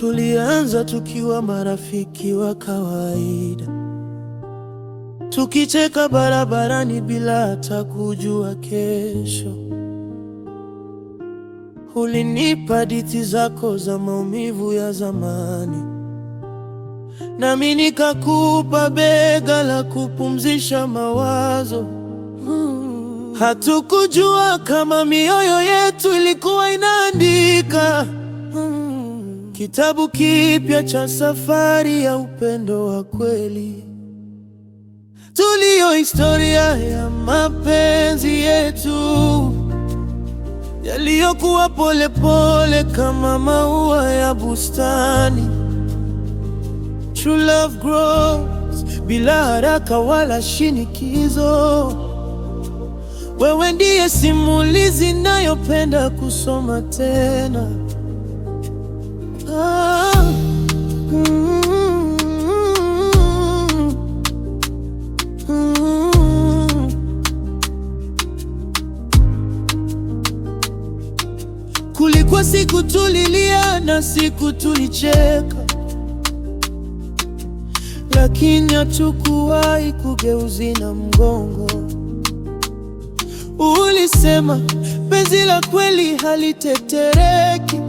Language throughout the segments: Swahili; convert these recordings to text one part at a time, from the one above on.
Tulianza tukiwa marafiki wa kawaida, tukicheka barabarani bila hata kujua kesho. Ulinipa hadithi zako za maumivu ya zamani, nami nikakupa bega la kupumzisha mawazo. Hatukujua kama mioyo yetu ilikuwa inaandika Kitabu kipya cha safari ya upendo wa kweli, tuliyo historia ya mapenzi yetu yaliyokuwa polepole kama maua ya bustani. True love grows bila haraka wala shinikizo. Wewe ndiye simulizi inayopenda kusoma tena. Mm-hmm. Kulikuwa siku tulilia na siku tulicheka, lakini hatukuwahi kugeuzana mgongo. Ulisema penzi la kweli halitetereki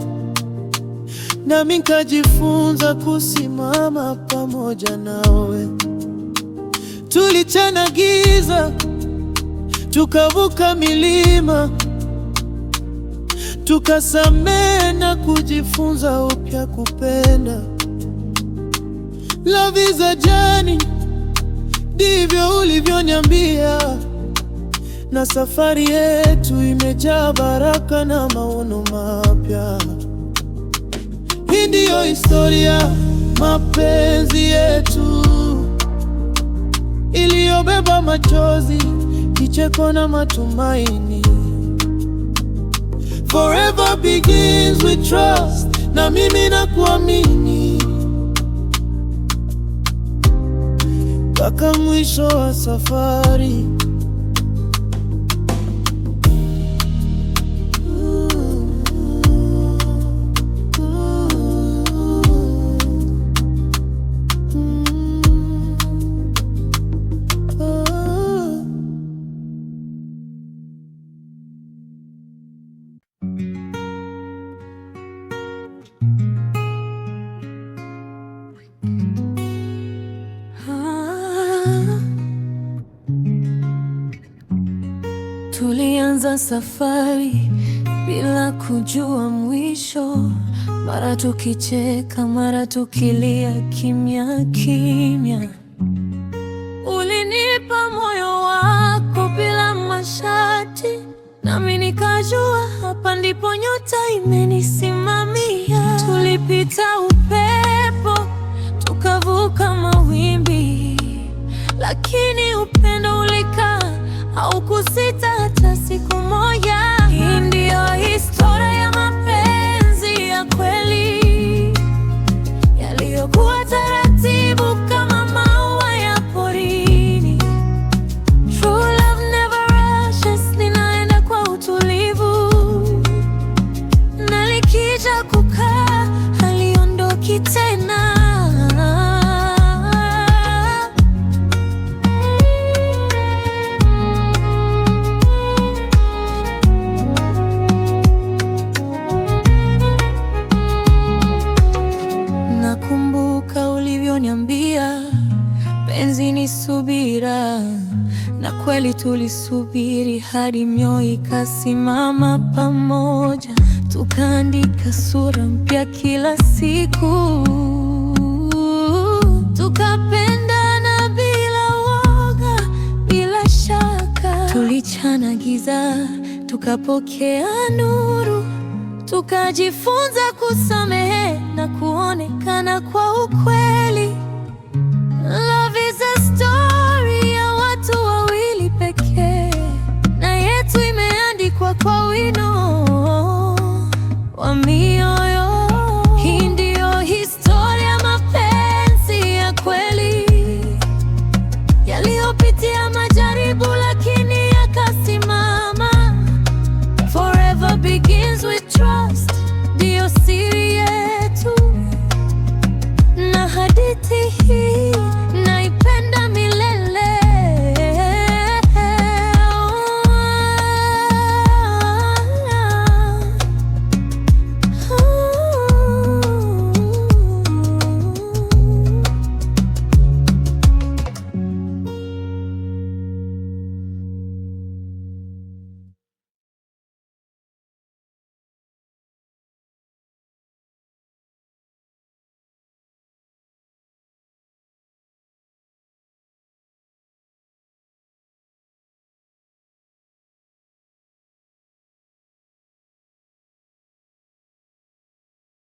nami nikajifunza kusimama pamoja nawe. Tulichana giza, tukavuka milima, tukasamehe na kujifunza upya kupenda. is a journey, ndivyo ulivyoniambia, na safari yetu imejaa baraka na maono mapya. Hii ndiyo historia mapenzi yetu iliyobeba machozi, kicheko na matumaini. Forever begins with trust, na mimi kuamini mpaka mwisho wa safari. Tulianza safari bila kujua mwisho, mara tukicheka, mara tukilia kimya kimya. Ulinipa moyo wako bila masharti, nami nikajua hapa ndipo nyota imenisimamia. Tulipita upepo, tukavuka mawimbi, lakini upendo ulika haukusita hata siku moja. Hii ndiyo historia ya mapenzi ya kweli yaliyokuwa taratibu kama maua ya porini. True love never rushes, linaenda kwa utulivu na likija kukaa haliondoki tena. kazi ni subira, na kweli tulisubiri hadi mioyo ikasimama pamoja, tukaandika sura mpya kila siku, tukapendana bila woga, bila shaka, tulichana giza, tukapokea nuru, tukajifunza kusamehe na kuonekana kwa ukweli. what we know.